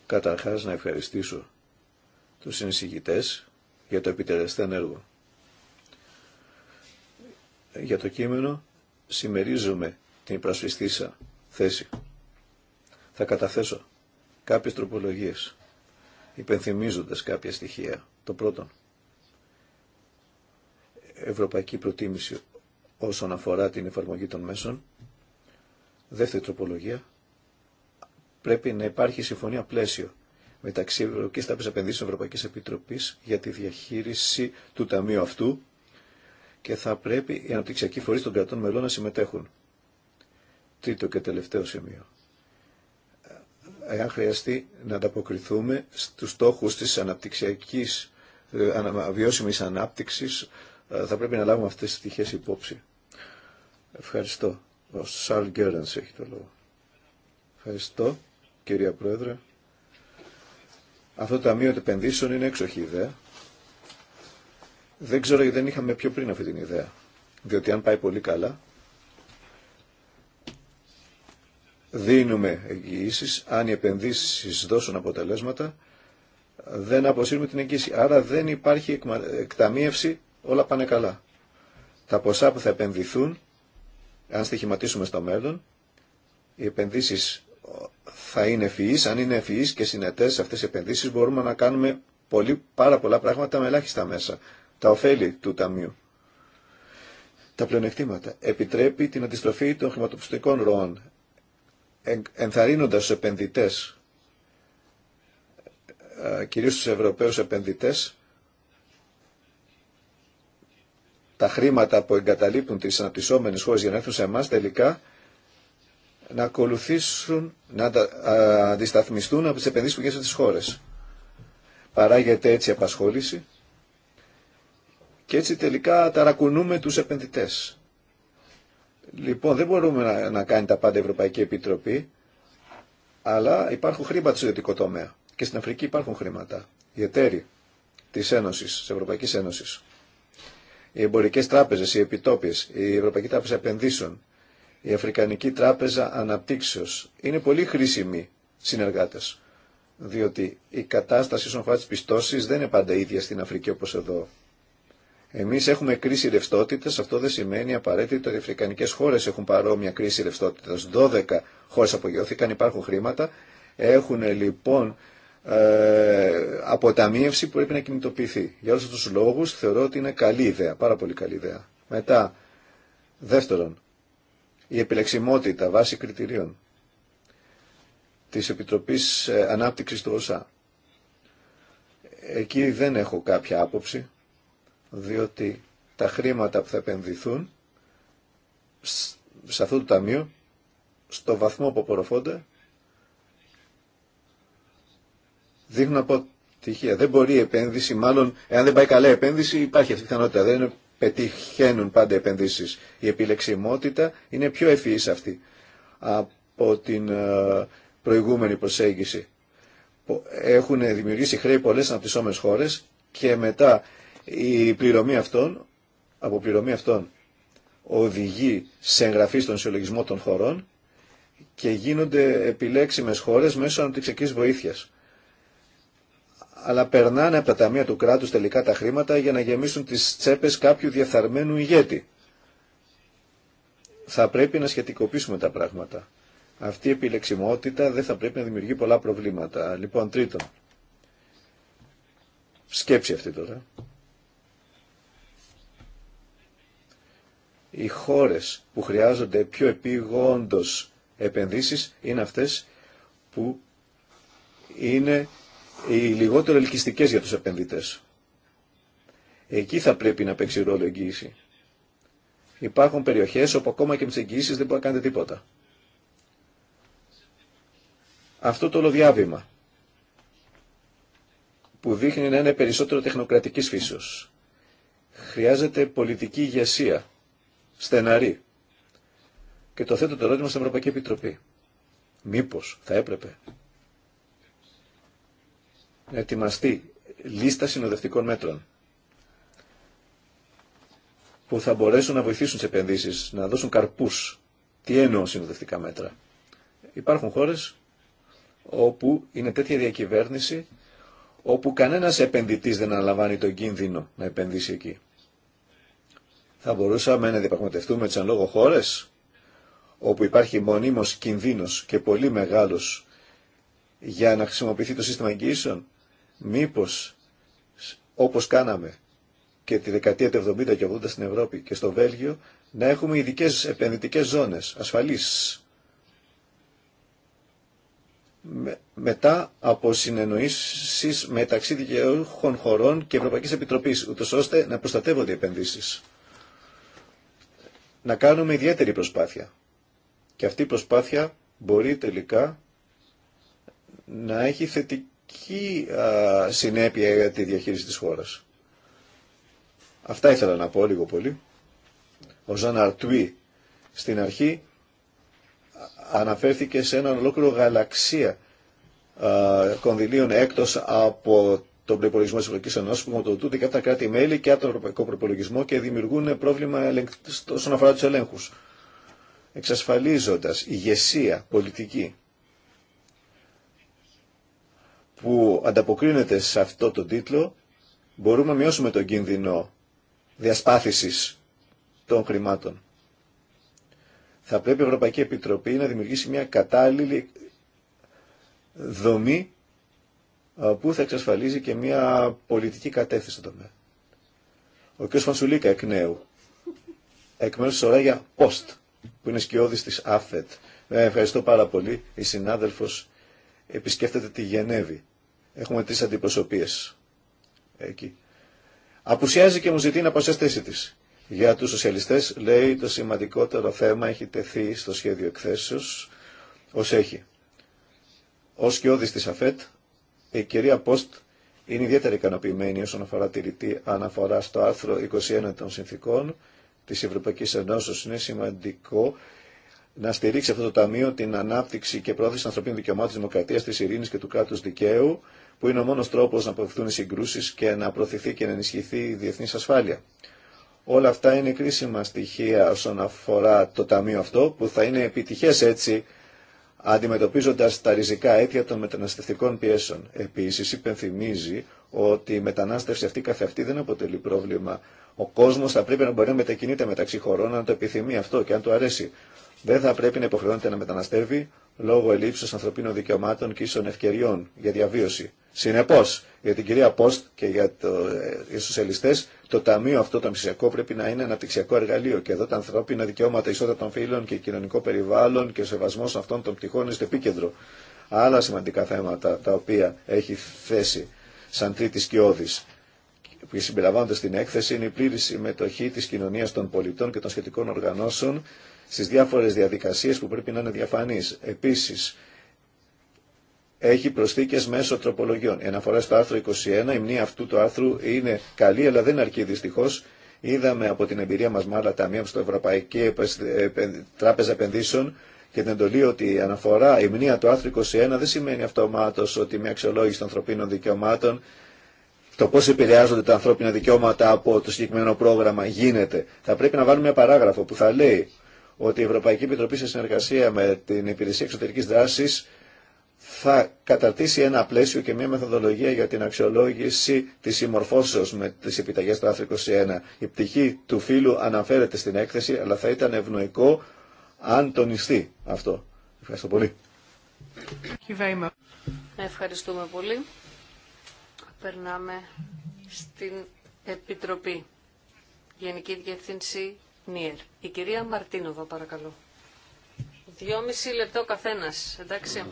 Καταρχάς να ευχαριστήσω τους συνεισηγητές για το επιτελεστέν έργο. Για το κείμενο Σημερίζουμε την υπρασπιστήσα θέση. Θα καταθέσω κάποιες τροπολογίες, υπενθυμίζοντας κάποια στοιχεία. Το πρώτο, ευρωπαϊκή προτίμηση όσον αφορά την εφαρμογή των μέσων. Δεύτερη τροπολογία, πρέπει να υπάρχει συμφωνία πλαίσιο μεταξύ Ευρωπαϊκής Τάπης Επενδύσεων Ευρωπαϊκής Επιτροπής για τη διαχείριση του ταμείου αυτού και θα πρέπει οι αναπτυξιακοί φορεί των κρατών μελών να συμμετέχουν. Τρίτο και τελευταίο σημείο. Εάν χρειαστεί να ανταποκριθούμε στους στόχους της αναπτυξιακής ε, βιώσιμης ανάπτυξης, ε, θα πρέπει να λάβουμε αυτές τις στοιχείες υπόψη. Ευχαριστώ. Ο Σαρλ έχει το λόγο. Ευχαριστώ, κυρία Πρόεδρε. Αυτό το Ταμείο Επενδύσεων είναι έξοχη ιδέα δεν ξέρω γιατί δεν είχαμε πιο πριν αυτή την ιδέα. Διότι αν πάει πολύ καλά, δίνουμε εγγυήσει, αν οι επενδύσει δώσουν αποτελέσματα, δεν αποσύρουμε την εγγύηση. Άρα δεν υπάρχει εκταμείευση, όλα πάνε καλά. Τα ποσά που θα επενδυθούν, αν στοιχηματίσουμε στο μέλλον, οι επενδύσει θα είναι ευφυεί. Αν είναι ευφυεί και συνετέ αυτέ οι επενδύσει, μπορούμε να κάνουμε πολύ, πάρα πολλά πράγματα με ελάχιστα μέσα τα ωφέλη του Ταμείου. Τα πλεονεκτήματα. Επιτρέπει την αντιστροφή των χρηματοπιστωτικών ροών, ενθαρρύνοντας τους επενδυτές, ε, κυρίως τους Ευρωπαίους επενδυτές, τα χρήματα που εγκαταλείπουν τις αναπτυσσόμενες χώρες για να έρθουν σε εμάς τελικά να ακολουθήσουν, να ε, αντισταθμιστούν από τις επενδύσεις που γίνονται στις χώρες. Παράγεται έτσι απασχόληση και έτσι τελικά ταρακουνούμε τους επενδυτές. Λοιπόν, δεν μπορούμε να, κάνει τα πάντα η Ευρωπαϊκή Επιτροπή, αλλά υπάρχουν χρήματα στο ιδιωτικό τομέα. Και στην Αφρική υπάρχουν χρήματα. Οι εταίροι τη Ένωση, τη Ευρωπαϊκής Ένωσης, οι εμπορικέ τράπεζε, οι επιτόπιε, η Ευρωπαϊκή Τράπεζα Επενδύσεων, η Αφρικανική Τράπεζα Αναπτύξεω είναι πολύ χρήσιμοι συνεργάτε, διότι η κατάσταση στον αφορά τι πιστώσεις δεν είναι πάντα ίδια στην Αφρική όπω εδώ. Εμεί έχουμε κρίση ρευστότητα. Αυτό δεν σημαίνει απαραίτητο ότι οι αφρικανικέ χώρε έχουν παρόμοια κρίση ρευστότητα. 12 χώρε απογειώθηκαν, υπάρχουν χρήματα. Έχουν λοιπόν ε, αποταμίευση που πρέπει να κινητοποιηθεί. Για όλου αυτού του λόγου θεωρώ ότι είναι καλή ιδέα, πάρα πολύ καλή ιδέα. Μετά, δεύτερον, η επιλεξιμότητα βάσει κριτηρίων τη επιτροπή ε, ανάπτυξη του ΩΣΑ. Εκεί δεν έχω κάποια άποψη διότι τα χρήματα που θα επενδυθούν σε αυτό το ταμείο, στο βαθμό που απορροφώνται, δείχνουν αποτυχία. Δεν μπορεί η επένδυση, μάλλον, εάν δεν πάει καλά η επένδυση, υπάρχει αυτή η πιθανότητα. Δεν πετυχαίνουν πάντα επενδύσεις. Η επιλεξιμότητα είναι πιο ευφυής αυτή από την ε, προηγούμενη προσέγγιση. Έχουν δημιουργήσει χρέη πολλές αναπτυσσόμενες χώρες και μετά η πληρωμή αυτών, πληρωμή αυτών οδηγεί σε εγγραφή στον συλλογισμό των χωρών και γίνονται επιλέξιμες χώρες μέσω αναπτυξιακής βοήθειας. Αλλά περνάνε από τα ταμεία του κράτους τελικά τα χρήματα για να γεμίσουν τις τσέπες κάποιου διαφθαρμένου ηγέτη. Θα πρέπει να σχετικοποιήσουμε τα πράγματα. Αυτή η επιλεξιμότητα δεν θα πρέπει να δημιουργεί πολλά προβλήματα. Λοιπόν, τρίτον, σκέψη αυτή τώρα. οι χώρες που χρειάζονται πιο επίγοντος επενδύσεις είναι αυτές που είναι οι λιγότερο ελκυστικές για τους επενδυτές. Εκεί θα πρέπει να παίξει ρόλο εγγύηση. Υπάρχουν περιοχές όπου ακόμα και με τις εγγύησεις δεν μπορεί να κάνετε τίποτα. Αυτό το ολοδιάβημα που δείχνει να είναι περισσότερο τεχνοκρατικής φύσεως. Χρειάζεται πολιτική ηγεσία στεναρή. Και το θέτω το ερώτημα στην Ευρωπαϊκή Επιτροπή. Μήπως θα έπρεπε να ετοιμαστεί λίστα συνοδευτικών μέτρων που θα μπορέσουν να βοηθήσουν τι επενδύσεις, να δώσουν καρπούς. Τι εννοώ συνοδευτικά μέτρα. Υπάρχουν χώρες όπου είναι τέτοια διακυβέρνηση όπου κανένας επενδυτής δεν αναλαμβάνει τον κίνδυνο να επενδύσει εκεί θα μπορούσαμε να διαπραγματευτούμε τι λόγω χώρε όπου υπάρχει μονίμως κινδύνος και πολύ μεγάλος για να χρησιμοποιηθεί το σύστημα εγγύησεων. Μήπως όπως κάναμε και τη δεκαετία του 70 και 80 στην Ευρώπη και στο Βέλγιο να έχουμε ειδικέ επενδυτικέ ζώνες ασφαλείς μετά από συνεννοήσεις μεταξύ δικαιούχων χωρών και Ευρωπαϊκής Επιτροπής, ούτως ώστε να προστατεύονται οι επενδύσεις να κάνουμε ιδιαίτερη προσπάθεια. Και αυτή η προσπάθεια μπορεί τελικά να έχει θετική συνέπεια για τη διαχείριση της χώρας. Αυτά ήθελα να πω λίγο πολύ. Ο Ζαν Αρτουί στην αρχή αναφέρθηκε σε έναν ολόκληρο γαλαξία α, κονδυλίων έκτος από τον προπολογισμό τη Ευρωπαϊκή Ενώση που χρηματοδοτούνται και από τα κράτη-μέλη και από τον Ευρωπαϊκό Προπολογισμό και δημιουργούν πρόβλημα όσον αφορά του ελέγχου. Εξασφαλίζοντα ηγεσία πολιτική που ανταποκρίνεται σε αυτό το τίτλο, μπορούμε να μειώσουμε τον κίνδυνο διασπάθησης των χρημάτων. Θα πρέπει η Ευρωπαϊκή Επιτροπή να δημιουργήσει μια κατάλληλη δομή που θα εξασφαλίζει και μια πολιτική κατεύθυνση στον τομέα. Ο κ. Φανσουλίκα εκ νέου, εκ μέρους της Οράγια Post, που είναι σκιώδης της ΑΦΕΤ. Ε, ευχαριστώ πάρα πολύ. Η συνάδελφος επισκέφτεται τη Γενέβη. Έχουμε τρεις αντιπροσωπείες εκεί. Απουσιάζει και μου ζητεί να παρουσιάσει θέση της. Για τους σοσιαλιστές, λέει, το σημαντικότερο θέμα έχει τεθεί στο σχέδιο εκθέσεως, ως έχει. Ως σκιώδη της ΑΦΕΤ, η κυρία Πόστ είναι ιδιαίτερα ικανοποιημένη όσον αφορά τη ρητή αναφορά στο άρθρο 21 των συνθήκων της Ευρωπαϊκής Ενώσεως. Είναι σημαντικό να στηρίξει αυτό το Ταμείο την ανάπτυξη και πρόθεση ανθρωπίνων δικαιωμάτων της δημοκρατίας, της ειρήνης και του κράτους δικαίου, που είναι ο μόνος τρόπος να αποφευθούν οι συγκρούσεις και να προωθηθεί και να ενισχυθεί η διεθνής ασφάλεια. Όλα αυτά είναι κρίσιμα στοιχεία όσον αφορά το Ταμείο αυτό, που θα είναι επιτυχές έτσι Αντιμετωπίζοντα τα ριζικά αίτια των μεταναστευτικών πιέσεων. επίση, υπενθυμίζει ότι η μετανάστευση αυτή καθ' αυτή δεν αποτελεί πρόβλημα. Ο κόσμος θα πρέπει να μπορεί να μετακινείται μεταξύ χωρών αν το επιθυμεί αυτό και αν του αρέσει. Δεν θα πρέπει να υποχρεώνεται να μεταναστεύει λόγω ελλείψης ανθρωπίνων δικαιωμάτων και ίσων ευκαιριών για διαβίωση. Συνεπώ, για την κυρία Πόστ και για ε, του σοσιαλιστέ, το ταμείο αυτό το ψηφιακό πρέπει να είναι ένα αναπτυξιακό εργαλείο και εδώ τα ανθρώπινα δικαιώματα, ισότητα των φύλων και κοινωνικό περιβάλλον και ο σεβασμό αυτών των πτυχών είναι στο επίκεντρο. Άλλα σημαντικά θέματα τα οποία έχει θέσει σαν τρίτη κοιόδη που συμπεριλαμβάνονται στην έκθεση είναι η πλήρη συμμετοχή τη κοινωνία των πολιτών και των σχετικών οργανώσεων στι διάφορε διαδικασίε που πρέπει να είναι διαφανεί επίση έχει προσθήκε μέσω τροπολογιών. Εν στο άρθρο 21, η μνήμα αυτού του άρθρου είναι καλή, αλλά δεν αρκεί δυστυχώ. Είδαμε από την εμπειρία μα με άλλα ταμεία στο Ευρωπαϊκή Τράπεζα Επενδύσεων και την εντολή ότι η αναφορά, η μνήμα του άρθρου 21 δεν σημαίνει αυτομάτω ότι μια αξιολόγηση των ανθρωπίνων δικαιωμάτων το πώ επηρεάζονται τα ανθρώπινα δικαιώματα από το συγκεκριμένο πρόγραμμα γίνεται. Θα πρέπει να βάλουμε μια παράγραφο που θα λέει ότι η Ευρωπαϊκή Επιτροπή σε συνεργασία με την Υπηρεσία Εξωτερική Δράση θα καταρτήσει ένα πλαίσιο και μια μεθοδολογία για την αξιολόγηση τη συμμορφώσεω με τι επιταγέ του άρθρου 21. Η πτυχή του φίλου αναφέρεται στην έκθεση, αλλά θα ήταν ευνοϊκό αν τονιστεί αυτό. Ευχαριστώ πολύ. Ευχαριστούμε πολύ. Περνάμε στην Επιτροπή. Γενική Διευθύνση ΝΙΕΡ. Η κυρία Μαρτίνοβα, παρακαλώ. Δυόμιση λεπτό καθένας, εντάξει.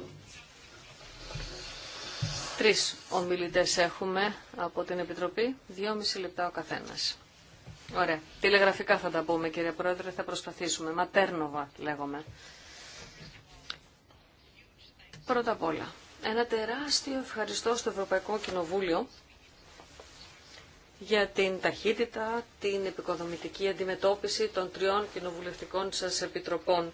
Τρεις ομιλητές έχουμε από την Επιτροπή, δυόμιση λεπτά ο καθένας. Ωραία. Τηλεγραφικά θα τα πούμε κύριε Πρόεδρε, θα προσπαθήσουμε. Ματέρνοβα λέγομαι. Πρώτα απ' όλα, ένα τεράστιο ευχαριστώ στο Ευρωπαϊκό Κοινοβούλιο για την ταχύτητα, την επικοδομητική αντιμετώπιση των τριών κοινοβουλευτικών σας επιτροπών.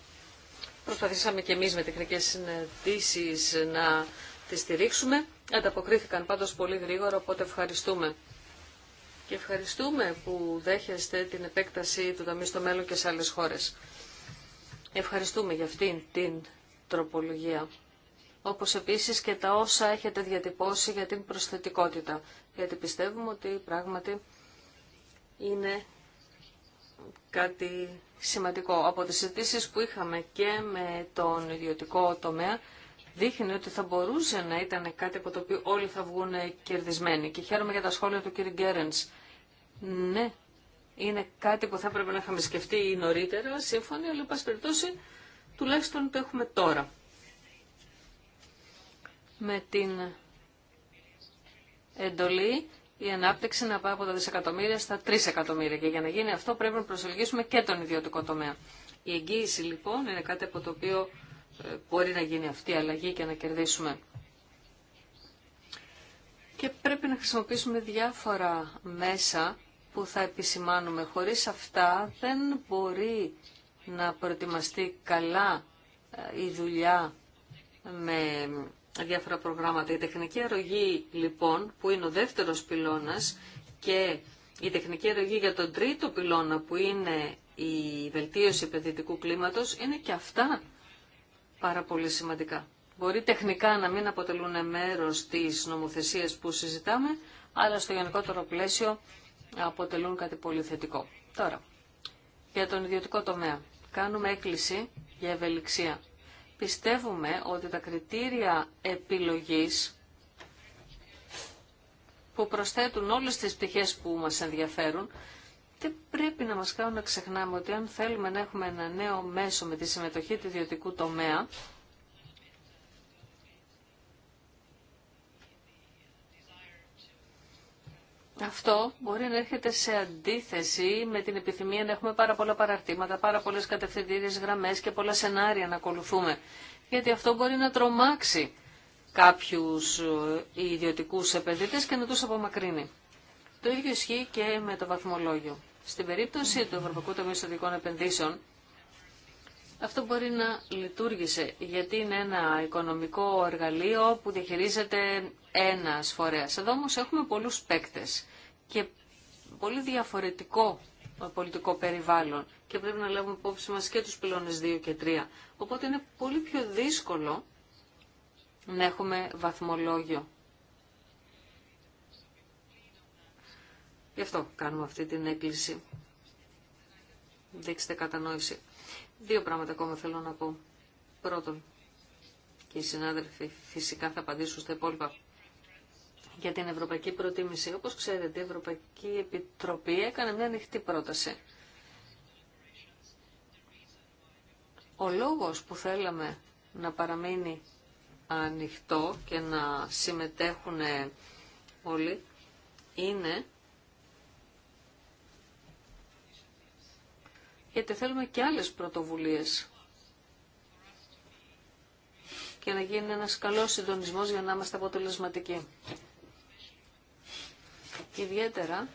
Προσπαθήσαμε και εμείς με τεχνικές συναντήσεις να τη στηρίξουμε. Ανταποκρίθηκαν πάντως πολύ γρήγορα, οπότε ευχαριστούμε. Και ευχαριστούμε που δέχεστε την επέκταση του Ταμείου στο μέλλον και σε άλλες χώρες. Ευχαριστούμε για αυτήν την τροπολογία. Όπως επίσης και τα όσα έχετε διατυπώσει για την προσθετικότητα. Γιατί πιστεύουμε ότι πράγματι είναι κάτι σημαντικό. Από τις συζητήσεις που είχαμε και με τον ιδιωτικό τομέα, δείχνει ότι θα μπορούσε να ήταν κάτι από το οποίο όλοι θα βγουν κερδισμένοι. Και χαίρομαι για τα σχόλια του κ. Γκέρενς. Ναι, είναι κάτι που θα έπρεπε να είχαμε σκεφτεί νωρίτερα, σύμφωνοι, αλλά πας περιπτώσει τουλάχιστον το έχουμε τώρα. Με την εντολή η ανάπτυξη να πάει από τα δισεκατομμύρια στα 3 εκατομμύρια και για να γίνει αυτό πρέπει να προσελγίσουμε και τον ιδιωτικό τομέα. Η εγγύηση λοιπόν είναι κάτι από το οποίο ε, μπορεί να γίνει αυτή η αλλαγή και να κερδίσουμε. Και πρέπει να χρησιμοποιήσουμε διάφορα μέσα που θα επισημάνουμε. Χωρίς αυτά δεν μπορεί να προετοιμαστεί καλά ε, η δουλειά με διάφορα προγράμματα. Η τεχνική αρρωγή λοιπόν που είναι ο δεύτερος πυλώνας και η τεχνική αρρωγή για τον τρίτο πυλώνα που είναι η βελτίωση επενδυτικού κλίματος είναι και αυτά πάρα πολύ σημαντικά. Μπορεί τεχνικά να μην αποτελούν μέρος της νομοθεσίας που συζητάμε, αλλά στο γενικότερο πλαίσιο αποτελούν κάτι πολύ θετικό. Τώρα, για τον ιδιωτικό τομέα. Κάνουμε έκκληση για ευελιξία. Πιστεύουμε ότι τα κριτήρια επιλογής που προσθέτουν όλες τις πτυχές που μας ενδιαφέρουν δεν πρέπει να μας κάνουν να ξεχνάμε ότι αν θέλουμε να έχουμε ένα νέο μέσο με τη συμμετοχή του ιδιωτικού τομέα, Αυτό μπορεί να έρχεται σε αντίθεση με την επιθυμία να έχουμε πάρα πολλά παραρτήματα, πάρα πολλές κατευθυντήριες γραμμές και πολλά σενάρια να ακολουθούμε. Γιατί αυτό μπορεί να τρομάξει κάποιους ε, ιδιωτικούς επενδυτές και να τους απομακρύνει. Το ίδιο ισχύει και με το βαθμολόγιο. Στην περίπτωση του Ευρωπαϊκού Ταμείου Στατικών Επενδύσεων, αυτό μπορεί να λειτουργήσε, γιατί είναι ένα οικονομικό εργαλείο που διαχειρίζεται ένας φορέας. Εδώ όμως έχουμε πολλούς παίκτες και πολύ διαφορετικό πολιτικό περιβάλλον και πρέπει να λάβουμε υπόψη μας και τους πυλώνες 2 και 3. Οπότε είναι πολύ πιο δύσκολο να έχουμε βαθμολόγιο. Γι' αυτό κάνουμε αυτή την έκκληση. Δείξτε κατανόηση. Δύο πράγματα ακόμα θέλω να πω. Πρώτον, και οι συνάδελφοι φυσικά θα απαντήσουν στα υπόλοιπα για την Ευρωπαϊκή Προτίμηση. Όπως ξέρετε, η Ευρωπαϊκή Επιτροπή έκανε μια ανοιχτή πρόταση. Ο λόγος που θέλαμε να παραμείνει ανοιχτό και να συμμετέχουν όλοι είναι γιατί θέλουμε και άλλες πρωτοβουλίες και να γίνει ένας καλός συντονισμός για να είμαστε αποτελεσματικοί. Ιδιαίτερα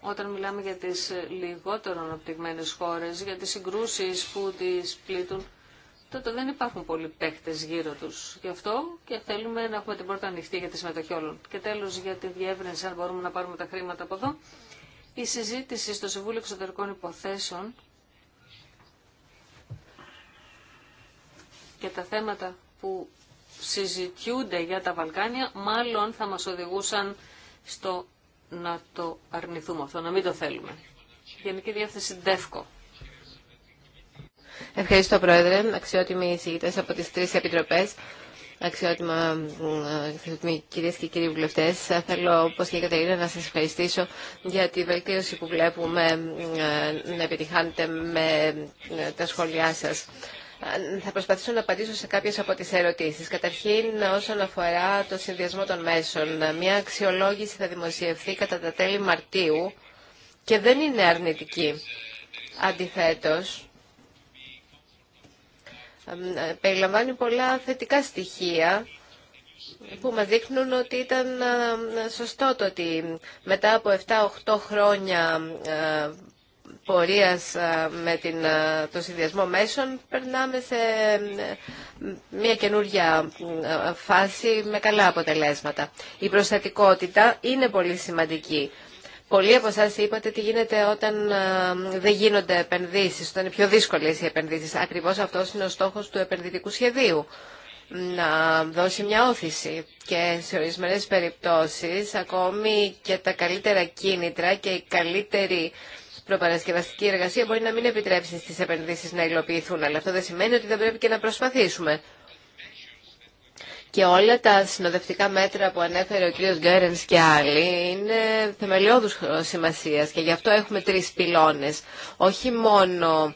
όταν μιλάμε για τις λιγότερο αναπτυγμένες χώρες, για τις συγκρούσεις που τις πλήττουν, τότε δεν υπάρχουν πολλοί παίχτες γύρω τους. Γι' αυτό και θέλουμε να έχουμε την πόρτα ανοιχτή για τη συμμετοχή όλων. Και τέλος για τη διεύρυνση, αν μπορούμε να πάρουμε τα χρήματα από εδώ, η συζήτηση στο Συμβούλιο Εξωτερικών Υποθέσεων και τα θέματα που συζητιούνται για τα Βαλκάνια μάλλον θα μας οδηγούσαν στο να το αρνηθούμε αυτό, να μην το θέλουμε. Γενική Διεύθυνση ΔΕΦΚΟ. Ευχαριστώ Πρόεδρε, αξιότιμοι συζητές από τις τρεις επιτροπές αξιότιμα ε, κυρίε και κύριοι βουλευτέ. Θέλω, όπω και η Κατερίνα, να σα ευχαριστήσω για τη βελτίωση που βλέπουμε ε, να επιτυχάνετε με ε, τα σχόλιά σα. Θα προσπαθήσω να απαντήσω σε κάποιε από τις ερωτήσεις. Καταρχήν, όσον αφορά το συνδυασμό των μέσων, μια αξιολόγηση θα δημοσιευθεί κατά τα τέλη Μαρτίου και δεν είναι αρνητική. αντιθέτω. Ε, περιλαμβάνει πολλά θετικά στοιχεία που μας δείχνουν ότι ήταν ε, σωστό το ότι μετά από 7-8 χρόνια ε, πορείας με την, το συνδυασμό μέσων περνάμε σε μια καινούργια φάση με καλά αποτελέσματα. Η προστατικότητα είναι πολύ σημαντική. Πολλοί από εσά είπατε τι γίνεται όταν ε, δεν γίνονται επενδύσει, όταν είναι πιο δύσκολε οι επενδύσει. Ακριβώς αυτός είναι ο στόχος του επενδυτικού σχεδίου να δώσει μια όθηση και σε ορισμένες περιπτώσεις ακόμη και τα καλύτερα κίνητρα και η καλύτερη προπαρασκευαστική εργασία μπορεί να μην επιτρέψει στι επενδύσει να υλοποιηθούν αλλά αυτό δεν σημαίνει ότι δεν πρέπει και να προσπαθήσουμε και όλα τα συνοδευτικά μέτρα που ανέφερε ο κ. Γκέρενς και άλλοι είναι θεμελιώδους σημασίας και γι' αυτό έχουμε τρεις πυλώνες. Όχι μόνο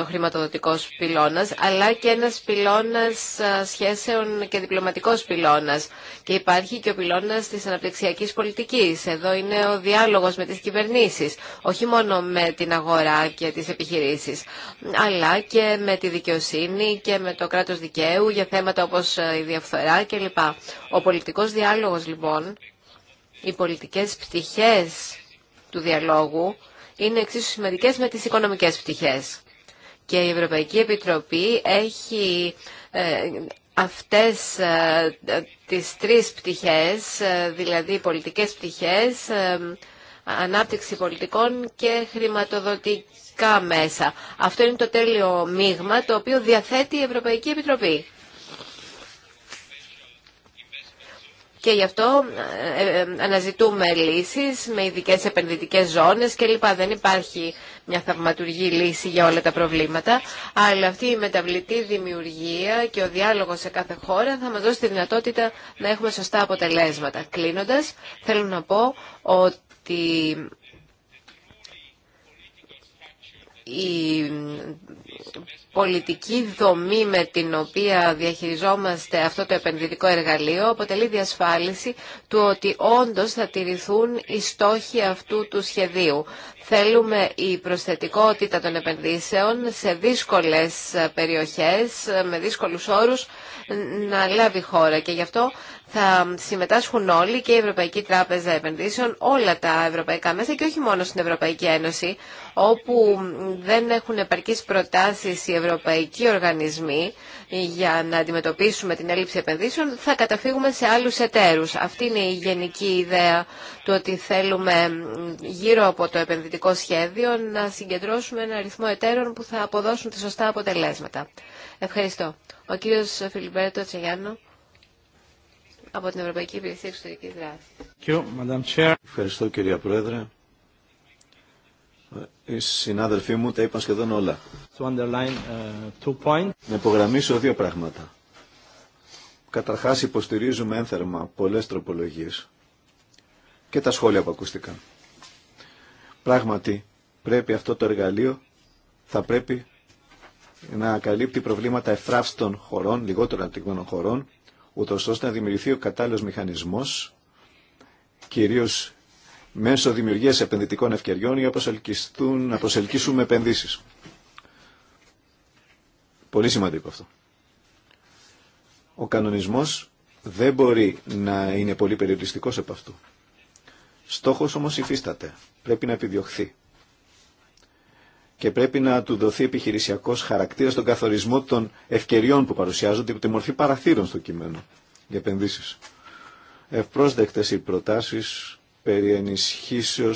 ο χρηματοδοτικός πυλώνας, αλλά και ένας πυλώνας σχέσεων και διπλωματικός πυλώνας. Και υπάρχει και ο πυλώνας της αναπτυξιακής πολιτικής. Εδώ είναι ο διάλογος με τις κυβερνήσεις, όχι μόνο με την αγορά και τις επιχειρήσεις, αλλά και με τη δικαιοσύνη και με το κράτος δικαίου για θέματα όπως ε, η διαφθορά κλπ. Ο πολιτικός διάλογος λοιπόν, οι πολιτικές πτυχές του διαλόγου είναι εξίσου σημαντικές με τις οικονομικές πτυχές. Και η Ευρωπαϊκή Επιτροπή έχει ε, αυτές ε, τις τρεις πτυχές, ε, δηλαδή πολιτικές πτυχές, ανάπτυξη πολιτικών και χρηματοδοτικά μέσα. Αυτό είναι το τέλειο μείγμα το οποίο διαθέτει η Ευρωπαϊκή Επιτροπή. Και γι' αυτό ε, ε, αναζητούμε λύσεις με ειδικέ επενδυτικές ζώνες κλπ. Δεν υπάρχει μια θαυματουργή λύση για όλα τα προβλήματα, αλλά αυτή η μεταβλητή δημιουργία και ο διάλογος σε κάθε χώρα θα μας δώσει τη δυνατότητα να έχουμε σωστά αποτελέσματα. Κλείνοντας, θέλω να πω ότι η πολιτική δομή με την οποία διαχειριζόμαστε αυτό το επενδυτικό εργαλείο αποτελεί διασφάλιση του ότι όντως θα τηρηθούν οι στόχοι αυτού του σχεδίου. Θέλουμε η προσθετικότητα των επενδύσεων σε δύσκολες περιοχές, με δύσκολους όρους, να λάβει χώρα και γι' αυτό θα συμμετάσχουν όλοι και η Ευρωπαϊκή Τράπεζα Επενδύσεων, όλα τα ευρωπαϊκά μέσα και όχι μόνο στην Ευρωπαϊκή Ένωση, όπου δεν έχουν επαρκείς προτάσεις οι ευρωπαϊκοί οργανισμοί για να αντιμετωπίσουμε την έλλειψη επενδύσεων, θα καταφύγουμε σε άλλους εταίρους. Αυτή είναι η γενική ιδέα του ότι θέλουμε γύρω από το επενδυτικό σχέδιο να συγκεντρώσουμε ένα αριθμό εταίρων που θα αποδώσουν τα σωστά αποτελέσματα. Ευχαριστώ. Ο κύριος Φιλιμπέρτο Τσεγιάννο από την Ευρωπαϊκή Υπηρεσία Εξωτερικής Δράσης. Ευχαριστώ κυρία Πρόεδρε. Οι συνάδελφοί μου τα είπαν σχεδόν όλα. Uh, να υπογραμμίσω δύο πράγματα. Καταρχά υποστηρίζουμε ένθερμα πολλέ τροπολογίε και τα σχόλια που ακούστηκαν. Πράγματι, πρέπει αυτό το εργαλείο θα πρέπει να καλύπτει προβλήματα εφράστων χωρών, λιγότερο αντικείμενων χωρών ούτως ώστε να δημιουργηθεί ο κατάλληλος μηχανισμός, κυρίως μέσω δημιουργίας επενδυτικών ευκαιριών για να προσελκύσουμε επενδύσεις. Πολύ σημαντικό αυτό. Ο κανονισμός δεν μπορεί να είναι πολύ περιοριστικός από αυτού. Στόχος όμως υφίσταται. Πρέπει να επιδιωχθεί και πρέπει να του δοθεί επιχειρησιακό χαρακτήρα στον καθορισμό των ευκαιριών που παρουσιάζονται υπό τη μορφή παραθύρων στο κείμενο για επενδύσει. Ευπρόσδεκτε οι προτάσει περί ενισχύσεω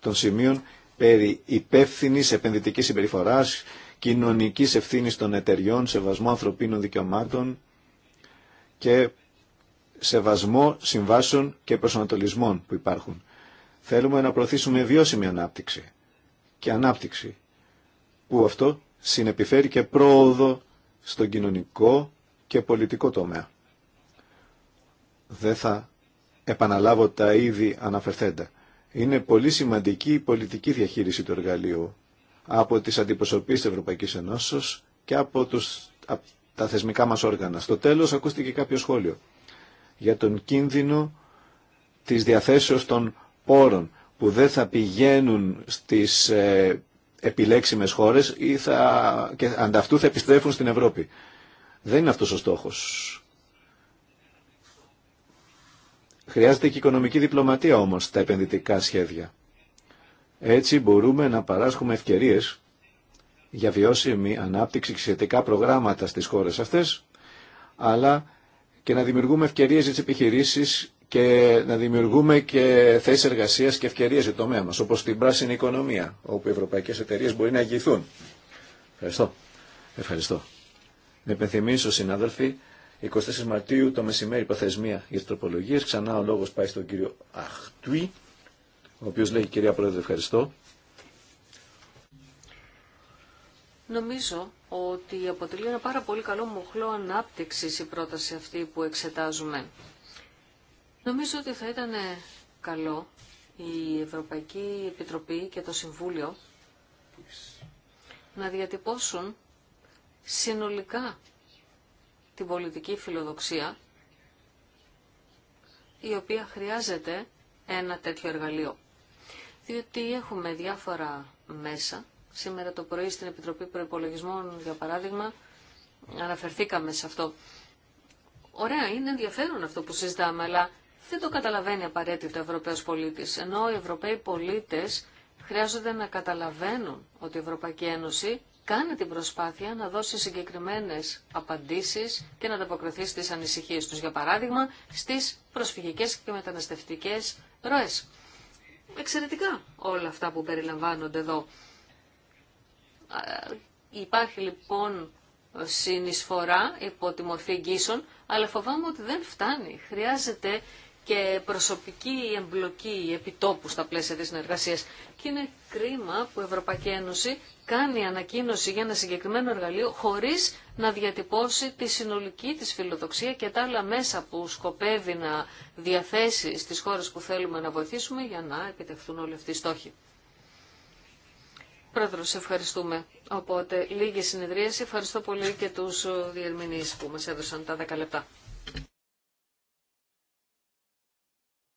των σημείων περί υπεύθυνη επενδυτική συμπεριφορά, κοινωνική ευθύνη των εταιριών, σεβασμό ανθρωπίνων δικαιωμάτων και σεβασμό συμβάσεων και προσανατολισμών που υπάρχουν. Θέλουμε να προωθήσουμε βιώσιμη ανάπτυξη και ανάπτυξη, που αυτό συνεπιφέρει και πρόοδο στον κοινωνικό και πολιτικό τομέα. Δεν θα επαναλάβω τα ήδη αναφερθέντα. Είναι πολύ σημαντική η πολιτική διαχείριση του εργαλείου από τις αντιπροσωπείς της Ευρωπαϊκής Ενώσεως και από, τους, τα θεσμικά μας όργανα. Στο τέλος ακούστηκε κάποιο σχόλιο για τον κίνδυνο της διαθέσεως των πόρων που δεν θα πηγαίνουν στις ε, επιλέξιμες χώρες ή θα, και ανταυτού θα επιστρέφουν στην Ευρώπη. Δεν είναι αυτός ο στόχος. Χρειάζεται και οικονομική διπλωματία όμως τα επενδυτικά σχέδια. Έτσι μπορούμε να παράσχουμε ευκαιρίες για βιώσιμη ανάπτυξη εξαιρετικά προγράμματα στις χώρες αυτές, αλλά και να δημιουργούμε ευκαιρίες για τις επιχειρήσεις και να δημιουργούμε και θέσει εργασία και ευκαιρίε για το τομέα μα, όπω την πράσινη οικονομία, όπου οι ευρωπαϊκέ εταιρείε μπορεί να αγγιθούν. Ευχαριστώ. Ευχαριστώ. Να υπενθυμίσω, συνάδελφοι, 24 Μαρτίου το μεσημέρι προθεσμία για τι τροπολογίε. Ξανά ο λόγο πάει στον κύριο Αχτουί, ο οποίο λέει, κυρία Πρόεδρε, ευχαριστώ. Νομίζω ότι αποτελεί ένα πάρα πολύ καλό μοχλό ανάπτυξη η πρόταση αυτή που εξετάζουμε. Νομίζω ότι θα ήταν ε, καλό η Ευρωπαϊκή Επιτροπή και το Συμβούλιο να διατυπώσουν συνολικά την πολιτική φιλοδοξία η οποία χρειάζεται ένα τέτοιο εργαλείο. Διότι έχουμε διάφορα μέσα. Σήμερα το πρωί στην Επιτροπή Προϋπολογισμών, για παράδειγμα, αναφερθήκαμε σε αυτό. Ωραία, είναι ενδιαφέρον αυτό που συζητάμε, αλλά δεν το καταλαβαίνει απαραίτητα ο Ευρωπαίος πολίτης, ενώ οι Ευρωπαίοι πολίτες χρειάζονται να καταλαβαίνουν ότι η Ευρωπαϊκή Ένωση κάνει την προσπάθεια να δώσει συγκεκριμένες απαντήσεις και να ανταποκριθεί στις ανησυχίες τους, για παράδειγμα, στις προσφυγικές και μεταναστευτικές ροές. Εξαιρετικά όλα αυτά που περιλαμβάνονται εδώ. Υπάρχει λοιπόν συνεισφορά υπό τη μορφή εγγύσεων, αλλά φοβάμαι ότι δεν φτάνει. Χρειάζεται και προσωπική εμπλοκή επιτόπου στα πλαίσια της συνεργασίας. Και είναι κρίμα που η Ευρωπαϊκή Ένωση κάνει ανακοίνωση για ένα συγκεκριμένο εργαλείο χωρίς να διατυπώσει τη συνολική της φιλοδοξία και τα άλλα μέσα που σκοπεύει να διαθέσει στις χώρες που θέλουμε να βοηθήσουμε για να επιτευχθούν όλοι αυτοί οι στόχοι. Πρόεδρο, ευχαριστούμε. Οπότε, λίγη συνεδρίαση. Ευχαριστώ πολύ και τους διερμηνείς που μας έδωσαν τα 10 λεπτά.